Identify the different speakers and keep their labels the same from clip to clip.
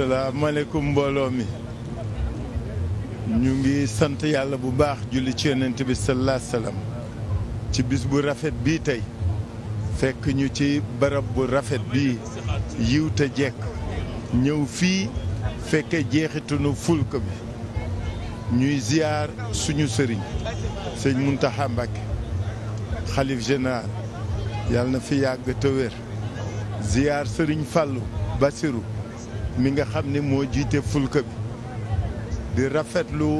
Speaker 1: salaamaaleykum mbooloo mi ñu ngi sant yàlla bu baax julli ci yonent bi sallallahu salaam ci bis bu rafet bii tey fekk ñu ci barab bu rafet bii yiw te jekk ñëw fii fekke jeexitunu fulk bi ñuy ziyaar suñu sëriñ sëñ Muntaxa xalif général yàlla na fi yàgg te wér ziyaar sëriñ Fàllu Basiru mi nga xam ne moo jiite fulka bi di rafetlu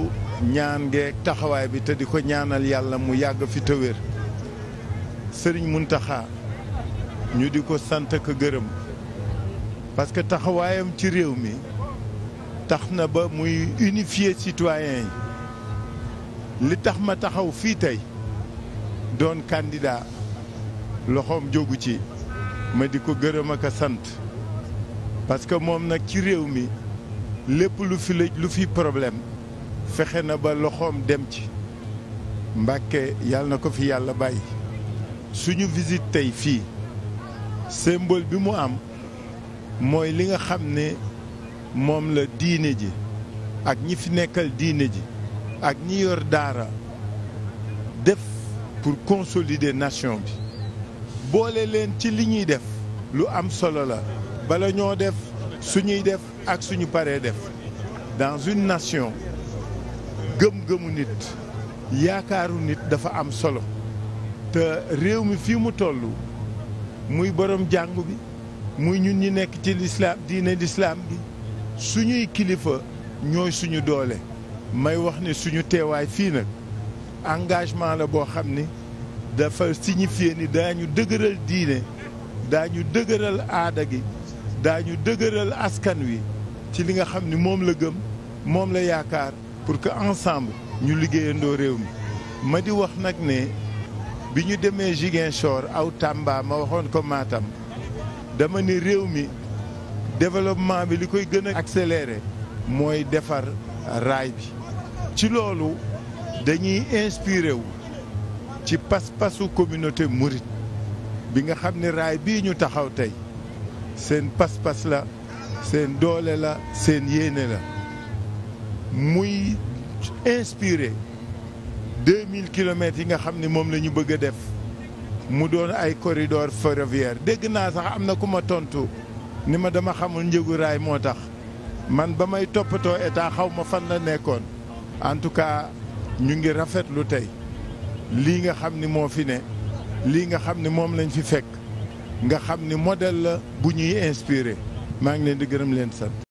Speaker 1: ñaan ngeeg taxawaay bi te di ko ñaanal yàlla mu yàgg fi te wér sëriñ Muntaxa ñu di ko sant ak gërëm parce que taxawaayam ci réew mi tax na ba muy unifier citoyen yi li tax ma taxaw fii tey doon candidat loxoom jógu ci ma di ko gërëm ak a sant parce que moom nag ci réew mi lépp lu fi lëj lu fi problème fexe na ba loxoom dem ci Mbàkke yàlla na ko fi yàlla bàyyi suñu visite tey fii symbole bi mu am mooy li nga xam ne moom la diine ji ak ñi fi nekkal diine ji ak ñi yor daara def pour consolider nation bi boole leen ci li ñuy def lu am solo la bala ñoo def suñuy def ak suñu paree def dans une nation gëm-gëmu nit yaakaaru nit dafa am solo te réew mi fii mu tollu muy borom jàngu bi muy ñun ñi nekk ci lislaam diine lislaam bi suñuy kilifa ñooy suñu doole may wax ne suñu teewaay fii nag engagement la boo xam ni dafa signifier ni daañu dëgëral diine daañu dëgëral aada gi daañu dëgëral askan wi ci li nga xam ni moom la gëm moom la yaakaar pour que ensemble ñu liggéeyandoo réew mi ma di wax nag ne bi ñu demee Ziguinchor aw Tamba ma waxoon ko maatam dama ni réew mi développement bi li koy gën a accéléré mooy defar raay bi ci loolu dañuy inspiré wu ci pas-pasu communauté mouride bi nga xam ne raay bii ñu taxaw tey seen pas-pas la seen doole la seen yéene la muy inspiré 2000 kilomètres yi nga xam ni moom la ñu bëgg a def mu doon ay corridor ferroviaire dégg naa sax am na ku ma tontu ni ma dama xamul njëgu raay moo tax man ba may toppatoo état xaw ma fan la nekkoon en tout cas ñu ngi rafetlu tey lii nga xam ni moo fi ne lii nga xam ni moom lañ fi fekk nga xam ni modèle la bu ñuy inspiré maa ngi leen di gërëm leen sat